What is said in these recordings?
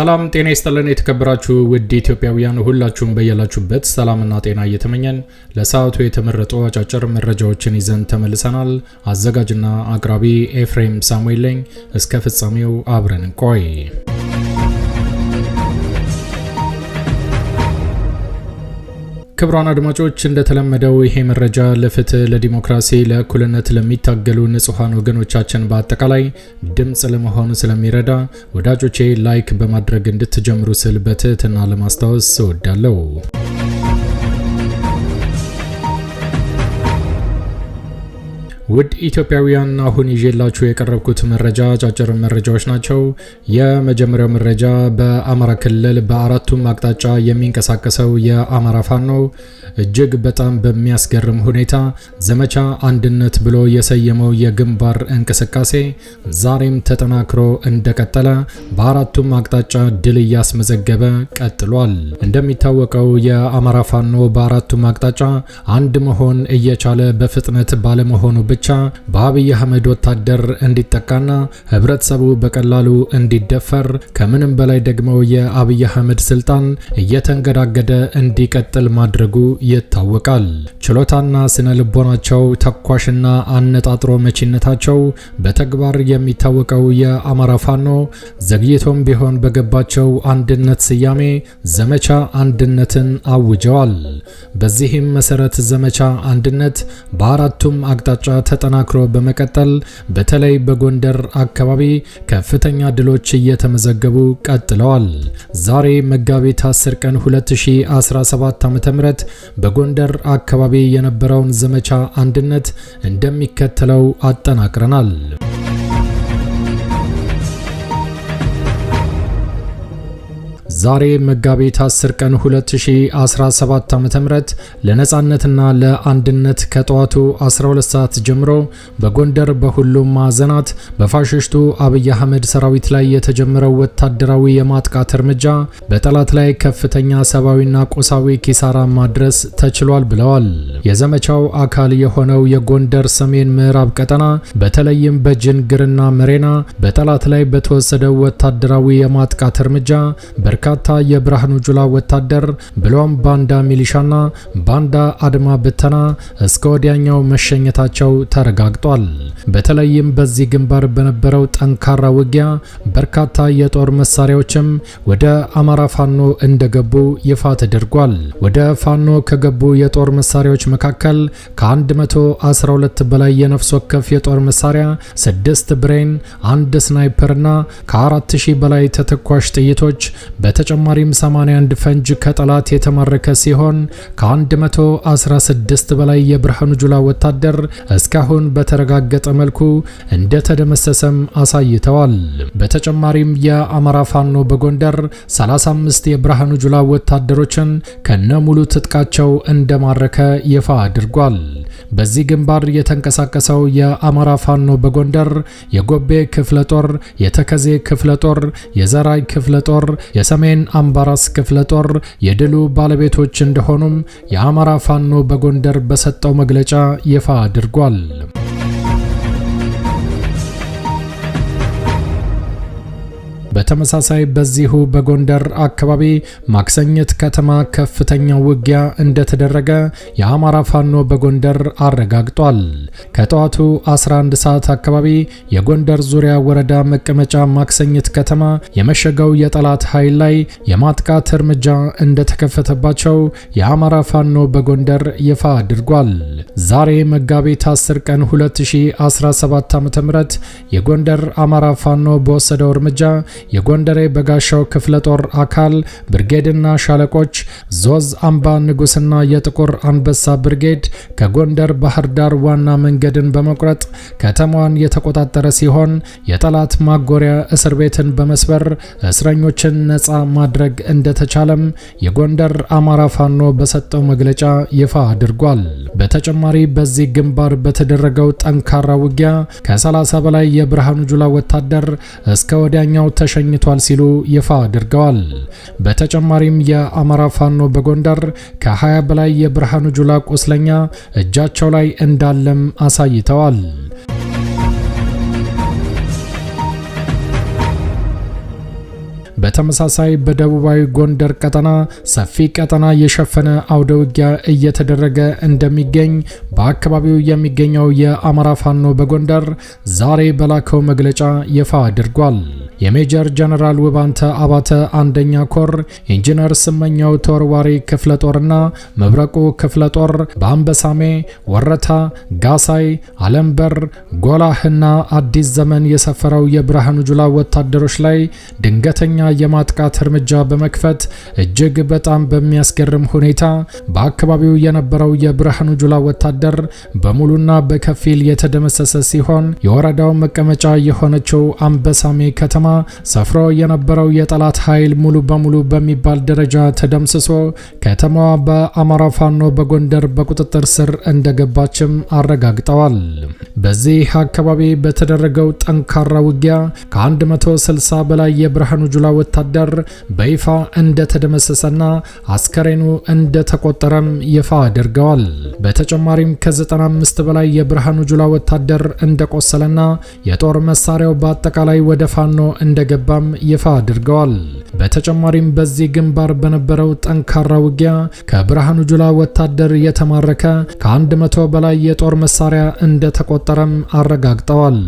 ሰላም ጤና ይስጥልን። የተከበራችሁ ውድ ኢትዮጵያውያን ሁላችሁም በያላችሁበት ሰላምና ጤና እየተመኘን ለሰዓቱ የተመረጡ አጫጭር መረጃዎችን ይዘን ተመልሰናል። አዘጋጅና አቅራቢ ኤፍሬም ሳሙኤል ነኝ። እስከ ፍጻሜው አብረን እንቆይ። ክቡራን አድማጮች እንደተለመደው ይሄ መረጃ ለፍትህ፣ ለዲሞክራሲ፣ ለእኩልነት ለሚታገሉ ንጹሐን ወገኖቻችን በአጠቃላይ ድምፅ ለመሆኑ ስለሚረዳ ወዳጆቼ ላይክ በማድረግ እንድትጀምሩ ስል በትህትና ለማስታወስ እወዳለሁ። ውድ ኢትዮጵያውያን አሁን ይዤላችሁ የቀረብኩት መረጃ አጫጭር መረጃዎች ናቸው። የመጀመሪያው መረጃ በአማራ ክልል በአራቱም አቅጣጫ የሚንቀሳቀሰው የአማራ ፋኖ እጅግ በጣም በሚያስገርም ሁኔታ ዘመቻ አንድነት ብሎ የሰየመው የግንባር እንቅስቃሴ ዛሬም ተጠናክሮ እንደቀጠለ በአራቱም አቅጣጫ ድል እያስመዘገበ ቀጥሏል። እንደሚታወቀው የአማራ ፋኖ በአራቱም አቅጣጫ አንድ መሆን እየቻለ በፍጥነት ባለመሆኑ ብቻ ብቻ በአብይ አህመድ ወታደር እንዲጠቃና ህብረተሰቡ በቀላሉ እንዲደፈር ከምንም በላይ ደግሞ የአብይ አህመድ ስልጣን እየተንገዳገደ እንዲቀጥል ማድረጉ ይታወቃል። ችሎታና ስነ ልቦናቸው ተኳሽና አነጣጥሮ መቺነታቸው በተግባር የሚታወቀው የአማራ ፋኖ ዘግይቶም ቢሆን በገባቸው አንድነት ስያሜ ዘመቻ አንድነትን አውጀዋል። በዚህም መሰረት ዘመቻ አንድነት በአራቱም አቅጣጫ ተጠናክሮ በመቀጠል በተለይ በጎንደር አካባቢ ከፍተኛ ድሎች እየተመዘገቡ ቀጥለዋል። ዛሬ መጋቢት 10 ቀን 2017 ዓ.ም በጎንደር አካባቢ የነበረውን ዘመቻ አንድነት እንደሚከተለው አጠናቅረናል። ዛሬ መጋቢት 10 ቀን 2017 ዓ.ም ለነጻነትና ለአንድነት ከጠዋቱ 12 ሰዓት ጀምሮ በጎንደር በሁሉም ማዕዘናት በፋሽሽቱ አብይ አህመድ ሰራዊት ላይ የተጀመረው ወታደራዊ የማጥቃት እርምጃ በጠላት ላይ ከፍተኛ ሰብአዊና ቁሳዊ ኪሳራ ማድረስ ተችሏል ብለዋል። የዘመቻው አካል የሆነው የጎንደር ሰሜን ምዕራብ ቀጠና በተለይም በጅንግርና መሬና በጠላት ላይ በተወሰደው ወታደራዊ የማጥቃት እርምጃ በርካ በርካታ የብርሃኑ ጁላ ወታደር ብሎም ባንዳ ሚሊሻና ባንዳ አድማ ብተና እስከ ወዲያኛው መሸኘታቸው ተረጋግጧል። በተለይም በዚህ ግንባር በነበረው ጠንካራ ውጊያ በርካታ የጦር መሳሪያዎችም ወደ አማራ ፋኖ እንደገቡ ይፋ ተደርጓል። ወደ ፋኖ ከገቡ የጦር መሳሪያዎች መካከል ከ112 በላይ የነፍስ ወከፍ የጦር መሳሪያ፣ 6 ብሬን፣ አንድ ስናይፐርና ከ4000 በላይ ተተኳሽ ጥይቶች በተ በተጨማሪም 81 ፈንጅ ከጠላት የተማረከ ሲሆን ከ116 በላይ የብርሃኑ ጁላ ወታደር እስካሁን በተረጋገጠ መልኩ እንደተደመሰሰም አሳይተዋል። በተጨማሪም የአማራ ፋኖ በጎንደር 35 የብርሃኑ ጁላ ወታደሮችን ከነ ሙሉ ትጥቃቸው እንደማረከ ይፋ አድርጓል። በዚህ ግንባር የተንቀሳቀሰው የአማራ ፋኖ በጎንደር የጎቤ ክፍለ ጦር፣ የተከዜ ክፍለ ጦር፣ የዘራይ ክፍለ ጦር፣ የሰሜን አምባራስ ክፍለ ጦር የድሉ ባለቤቶች እንደሆኑም የአማራ ፋኖ በጎንደር በሰጠው መግለጫ ይፋ አድርጓል። በተመሳሳይ በዚሁ በጎንደር አካባቢ ማክሰኝት ከተማ ከፍተኛ ውጊያ እንደተደረገ የአማራ ፋኖ በጎንደር አረጋግጧል። ከጠዋቱ 11 ሰዓት አካባቢ የጎንደር ዙሪያ ወረዳ መቀመጫ ማክሰኝት ከተማ የመሸገው የጠላት ኃይል ላይ የማጥቃት እርምጃ እንደተከፈተባቸው የአማራ ፋኖ በጎንደር ይፋ አድርጓል። ዛሬ መጋቢት 10 ቀን 2017 ዓ.ም የጎንደር አማራ ፋኖ በወሰደው እርምጃ የጎንደሬ በጋሻው ክፍለ ጦር አካል ብርጌድና ሻለቆች ዞዝ አምባ ንጉስና የጥቁር አንበሳ ብርጌድ ከጎንደር ባህር ዳር ዋና መንገድን በመቁረጥ ከተማዋን የተቆጣጠረ ሲሆን የጠላት ማጎሪያ እስር ቤትን በመስበር እስረኞችን ነፃ ማድረግ እንደተቻለም የጎንደር አማራ ፋኖ በሰጠው መግለጫ ይፋ አድርጓል። በተጨማሪ በዚህ ግንባር በተደረገው ጠንካራ ውጊያ ከ30 በላይ የብርሃኑ ጁላ ወታደር እስከ ወዲያኛው ተሸኝቷል ሲሉ ይፋ አድርገዋል። በተጨማሪም የአማራ ፋኖ በጎንደር ከ20 በላይ የብርሃኑ ጁላ ቁስለኛ እጃቸው ላይ እንዳለም አሳይተዋል። በተመሳሳይ በደቡባዊ ጎንደር ቀጠና ሰፊ ቀጠና የሸፈነ አውደ ውጊያ እየተደረገ እንደሚገኝ በአካባቢው የሚገኘው የአማራ ፋኖ በጎንደር ዛሬ በላከው መግለጫ ይፋ አድርጓል። የሜጀር ጀነራል ውባንተ አባተ አንደኛ ኮር ኢንጂነር ስመኛው ተወርዋሪ ክፍለ ጦርና መብረቁ ክፍለ ጦር በአንበሳሜ ወረታ፣ ጋሳይ፣ አለምበር፣ ጎላህና አዲስ ዘመን የሰፈረው የብርሃኑ ጁላ ወታደሮች ላይ ድንገተኛ የማጥቃት እርምጃ በመክፈት እጅግ በጣም በሚያስገርም ሁኔታ በአካባቢው የነበረው የብርሃኑ ጁላ ወታደር በሙሉና በከፊል የተደመሰሰ ሲሆን የወረዳው መቀመጫ የሆነችው አንበሳሜ ከተማ ሰፍሮ የነበረው የጠላት ኃይል ሙሉ በሙሉ በሚባል ደረጃ ተደምስሶ ከተማዋ በአማራ ፋኖ በጎንደር በቁጥጥር ስር እንደገባችም አረጋግጠዋል። በዚህ አካባቢ በተደረገው ጠንካራ ውጊያ ከ160 በላይ የብርሃኑ ጁላ ወታደር በይፋ እንደተደመሰሰና አስከሬኑ እንደተቆጠረም ይፋ አድርገዋል። በተጨማሪም ከ95 በላይ የብርሃኑ ጁላ ወታደር እንደቆሰለና የጦር መሳሪያው በአጠቃላይ ወደ ፋኖ እንደገባም ይፋ አድርገዋል። በተጨማሪም በዚህ ግንባር በነበረው ጠንካራ ውጊያ ከብርሃኑ ጁላ ወታደር የተማረከ ከ100 በላይ የጦር መሳሪያ እንደተቆጠረም አረጋግጠዋል።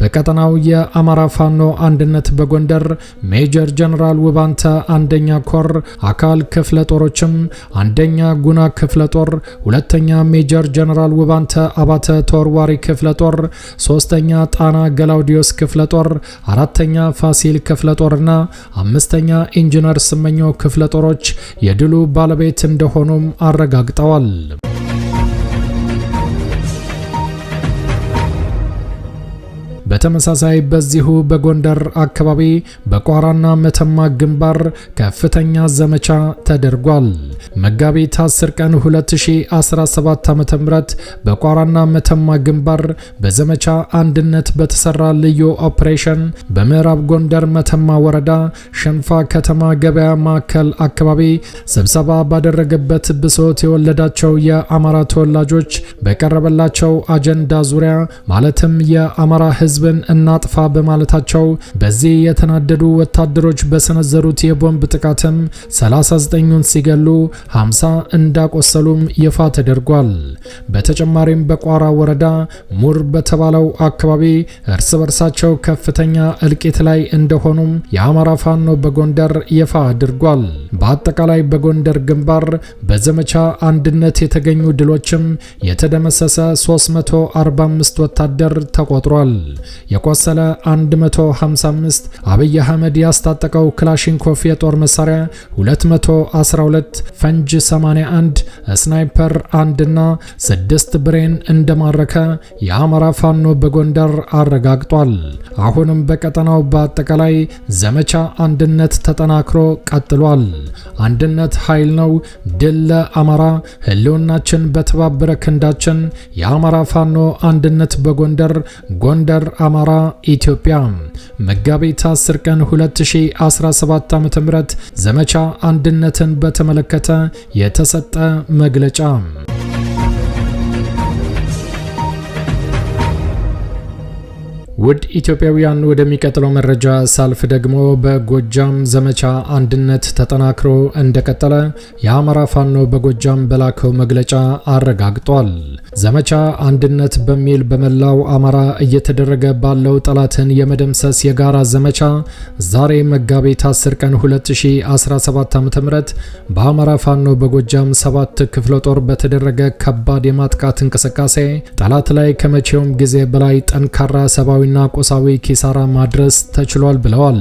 በቀጠናው የአማራ ፋኖ አንድነት በጎንደር ሜጀር ሜጀር ጀነራል ውባንተ አንደኛ ኮር አካል ክፍለ ጦሮችም አንደኛ ጉና ክፍለ ጦር፣ ሁለተኛ ሜጀር ጀነራል ውባንተ አባተ ተወርዋሪ ክፍለ ጦር፣ ሶስተኛ ጣና ገላውዲዮስ ክፍለ ጦር፣ አራተኛ ፋሲል ክፍለ ጦርና አምስተኛ ኢንጂነር ስመኞ ክፍለ ጦሮች የድሉ ባለቤት እንደሆኑም አረጋግጠዋል። በተመሳሳይ በዚሁ በጎንደር አካባቢ በቋራና መተማ ግንባር ከፍተኛ ዘመቻ ተደርጓል። መጋቢት 10 ቀን 2017 ዓ.ም በቋራና መተማ ግንባር በዘመቻ አንድነት በተሰራ ልዩ ኦፕሬሽን በምዕራብ ጎንደር መተማ ወረዳ ሸንፋ ከተማ ገበያ ማዕከል አካባቢ ስብሰባ ባደረገበት ብሶት የወለዳቸው የአማራ ተወላጆች በቀረበላቸው አጀንዳ ዙሪያ ማለትም የአማራ ህዝብ ህዝብን እናጥፋ በማለታቸው በዚህ የተናደዱ ወታደሮች በሰነዘሩት የቦምብ ጥቃትም 39ን ሲገሉ 50 እንዳቆሰሉም ይፋ ተደርጓል። በተጨማሪም በቋራ ወረዳ ሙር በተባለው አካባቢ እርስ በርሳቸው ከፍተኛ እልቂት ላይ እንደሆኑም የአማራ ፋኖ በጎንደር ይፋ አድርጓል። በአጠቃላይ በጎንደር ግንባር በዘመቻ አንድነት የተገኙ ድሎችም የተደመሰሰ 345 ወታደር ተቆጥሯል። የቆሰለ 155፣ አብይ አህመድ ያስታጠቀው ክላሽንኮቭ የጦር መሳሪያ 212፣ ፈንጅ 81፣ ስናይፐር 1 እና 6 ብሬን እንደማረከ የአማራ ፋኖ በጎንደር አረጋግጧል። አሁንም በቀጠናው በአጠቃላይ ዘመቻ አንድነት ተጠናክሮ ቀጥሏል። አንድነት ኃይል ነው። ድል ለአማራ! ህልውናችን በተባበረ ክንዳችን! የአማራ ፋኖ አንድነት በጎንደር ጎንደር አማራ ኢትዮጵያ መጋቢት 10 ቀን 2017 ዓ.ም ዘመቻ አንድነትን በተመለከተ የተሰጠ መግለጫ ውድ ኢትዮጵያውያን ወደሚቀጥለው መረጃ ሳልፍ ደግሞ በጎጃም ዘመቻ አንድነት ተጠናክሮ እንደቀጠለ የአማራ ፋኖ በጎጃም በላከው መግለጫ አረጋግጧል። ዘመቻ አንድነት በሚል በመላው አማራ እየተደረገ ባለው ጠላትን የመደምሰስ የጋራ ዘመቻ ዛሬ መጋቢት 10 ቀን 2017 ዓ.ም በአማራ ፋኖ በጎጃም ሰባት ክፍለ ጦር በተደረገ ከባድ የማጥቃት እንቅስቃሴ ጠላት ላይ ከመቼውም ጊዜ በላይ ጠንካራ ሰብአዊ ገንዘባዊና ቁሳዊ ኪሳራ ማድረስ ተችሏል ብለዋል።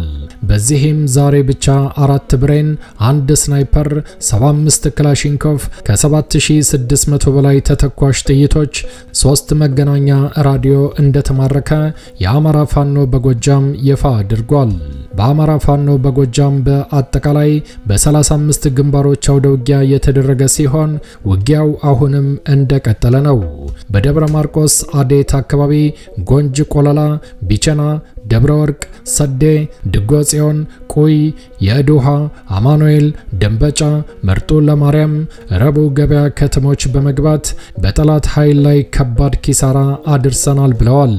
በዚህም ዛሬ ብቻ አራት ብሬን፣ አንድ ስናይፐር፣ 75 ክላሽንኮቭ፣ ከ7600 በላይ ተተኳሽ ጥይቶች፣ ሶስት መገናኛ ራዲዮ እንደተማረከ የአማራ ፋኖ በጎጃም ይፋ አድርጓል። በአማራ ፋኖ በጎጃም በአጠቃላይ በ35 ግንባሮች አውደ ውጊያ የተደረገ ሲሆን ውጊያው አሁንም እንደቀጠለ ነው። በደብረ ማርቆስ አዴት አካባቢ፣ ጎንጅ ቆለላ፣ ቢቸና ደብረ ወርቅ፣ ሰዴ፣ ድጎጽዮን፣ ቁይ፣ የዱሃ አማኑኤል፣ ደንበጫ፣ መርጦ ለማርያም፣ ረቡ ገበያ ከተሞች በመግባት በጠላት ኃይል ላይ ከባድ ኪሳራ አድርሰናል ብለዋል።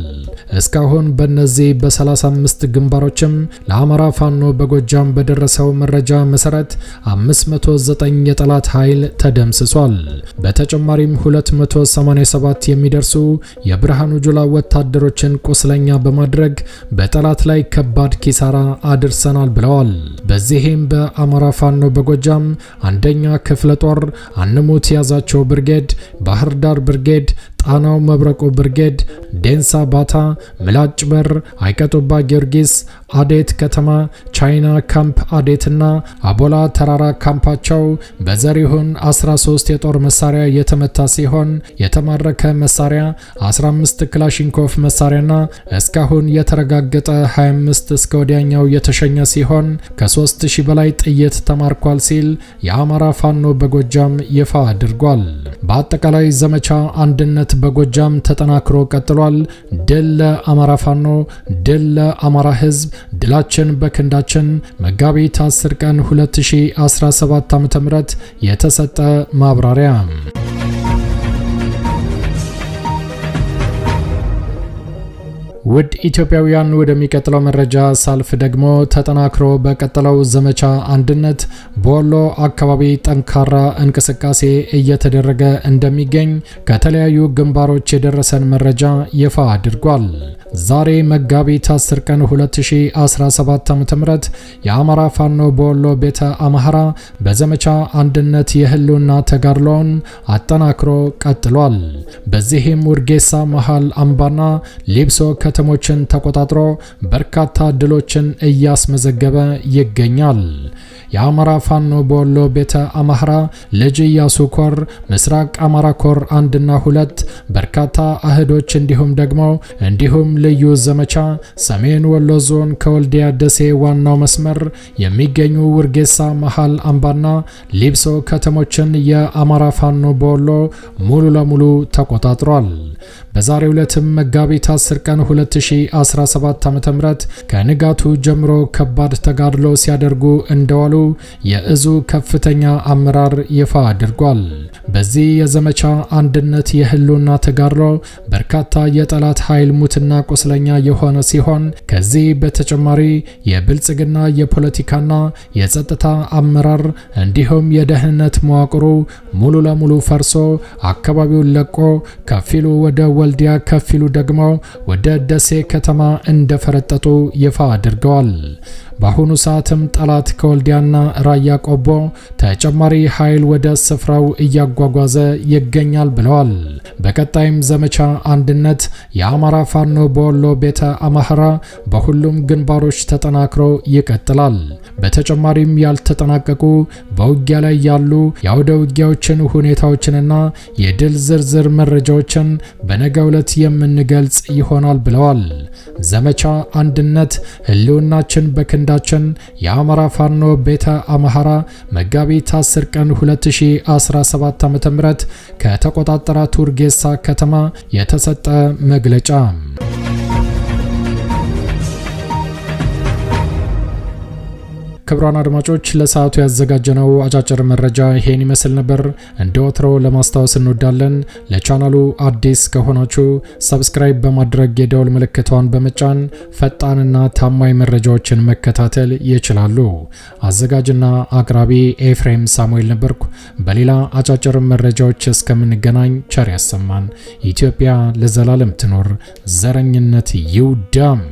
እስካሁን በእነዚህ በ35 ግንባሮችም ለአማራ ፋኖ በጎጃም በደረሰው መረጃ መሰረት 509 የጠላት ኃይል ተደምስሷል። በተጨማሪም 287 የሚደርሱ የብርሃኑ ጁላ ወታደሮችን ቁስለኛ በማድረግ በጠላት ላይ ከባድ ኪሳራ አድርሰናል ብለዋል። በዚህም በአማራ ፋኖ በጎጃም አንደኛ ክፍለ ጦር አንሙት ያዛቸው ብርጌድ፣ ባህር ዳር ብርጌድ፣ ጣናው መብረቆ ብርጌድ፣ ዴንሳ ባታ፣ ምላጭ በር፣ አይቀጡባ ጊዮርጊስ፣ አዴት ከተማ፣ ቻይና ካምፕ አዴትና አቦላ ተራራ ካምፓቸው በዘሪሁን 13 የጦር መሳሪያ የተመታ ሲሆን የተማረከ መሳሪያ 15 ክላሽንኮቭ መሳሪያና እስካሁን የተረጋገጠ 25 እስከ ወዲያኛው የተሸኘ ሲሆን ከ3000 በላይ ጥይት ተማርኳል ሲል የአማራ ፋኖ በጎጃም ይፋ አድርጓል። በአጠቃላይ ዘመቻ አንድነት ጦርነት በጎጃም ተጠናክሮ ቀጥሏል። ድል ለአማራ ፋኖ፣ ድል ለአማራ ህዝብ፣ ድላችን በክንዳችን። መጋቢት 10 ቀን 2017 ዓ.ም የተሰጠ ማብራሪያ ውድ ኢትዮጵያውያን ወደሚቀጥለው መረጃ ሳልፍ ደግሞ ተጠናክሮ በቀጠለው ዘመቻ አንድነት በወሎ አካባቢ ጠንካራ እንቅስቃሴ እየተደረገ እንደሚገኝ ከተለያዩ ግንባሮች የደረሰን መረጃ ይፋ አድርጓል። ዛሬ መጋቢት 10 ቀን 2017 ዓ.ም የአማራ ፋኖ በወሎ ቤተ አምሐራ በዘመቻ አንድነት የህልውና ተጋድሎውን አጠናክሮ ቀጥሏል። በዚህም ውርጌሳ መሃል አምባና ሊብሶ ከተሞችን ተቆጣጥሮ በርካታ ድሎችን እያስመዘገበ ይገኛል። የአማራ ፋኖ በወሎ ቤተ አማራ ልጅ ኢያሱ ኮር ምስራቅ አማራ ኮር አንድና ሁለት በርካታ አህዶች እንዲሁም ደግሞ እንዲሁም ልዩ ዘመቻ ሰሜን ወሎ ዞን ከወልዲያ ደሴ ዋናው መስመር የሚገኙ ውርጌሳ፣ መሃል አምባና ሊብሶ ከተሞችን የአማራ ፋኖ በወሎ ሙሉ ለሙሉ ተቆጣጥሯል። በዛሬው ዕለትም መጋቢት 10 ቀን 2017 ዓ.ም ከንጋቱ ጀምሮ ከባድ ተጋድሎ ሲያደርጉ እንደዋሉ የእዙ ከፍተኛ አመራር ይፋ አድርጓል። በዚህ የዘመቻ አንድነት የህልውና ተጋድሎ በርካታ የጠላት ኃይል ሙትና ቁስለኛ የሆነ ሲሆን ከዚህ በተጨማሪ የብልጽግና የፖለቲካና የጸጥታ አመራር እንዲሁም የደህንነት መዋቅሩ ሙሉ ለሙሉ ፈርሶ አካባቢውን ለቆ ከፊሉ ወደ ወልዲያ፣ ከፊሉ ደግሞ ወደ ደሴ ከተማ እንደፈረጠጡ ይፋ አድርገዋል። በአሁኑ ሰዓትም ጠላት ከወልዲያና ራያ ቆቦ ተጨማሪ ኃይል ወደ ስፍራው እያጓጓዘ ይገኛል ብለዋል። በቀጣይም ዘመቻ አንድነት የአማራ ፋኖ በወሎ ቤተ አማህራ በሁሉም ግንባሮች ተጠናክሮ ይቀጥላል። በተጨማሪም ያልተጠናቀቁ በውጊያ ላይ ያሉ የአውደ ውጊያዎችን ሁኔታዎችንና የድል ዝርዝር መረጃዎችን በነገ ዕለት የምንገልጽ ይሆናል ብለዋል። ዘመቻ አንድነት ህልውናችን በክንዳ አንዳችን የአማራ ፋኖ ቤተ አምሐራ መጋቢት 10 ቀን 2017 ዓ.ም ከተቆጣጠራ ቱርጌሳ ከተማ የተሰጠ መግለጫ ክቡራን አድማጮች ለሰዓቱ ያዘጋጀነው አጫጭር መረጃ ይሄን ይመስል ነበር። እንደ ወትሮ ለማስታወስ እንወዳለን ለቻናሉ አዲስ ከሆናችሁ ሰብስክራይብ በማድረግ የደውል ምልክቷን በመጫን ፈጣንና ታማኝ መረጃዎችን መከታተል ይችላሉ። አዘጋጅና አቅራቢ ኤፍሬም ሳሙኤል ነበርኩ። በሌላ አጫጭር መረጃዎች እስከምንገናኝ ቸር ያሰማን። ኢትዮጵያ ለዘላለም ትኖር። ዘረኝነት ይውደም።